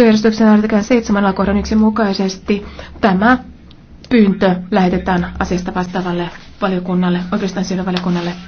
työjärjestyksen artikan 7 kohdan yksi mukaisesti tämä pyyntö lähetetään asiasta vastaavalle valiokunnalle, oikeastaan valiokunnalle.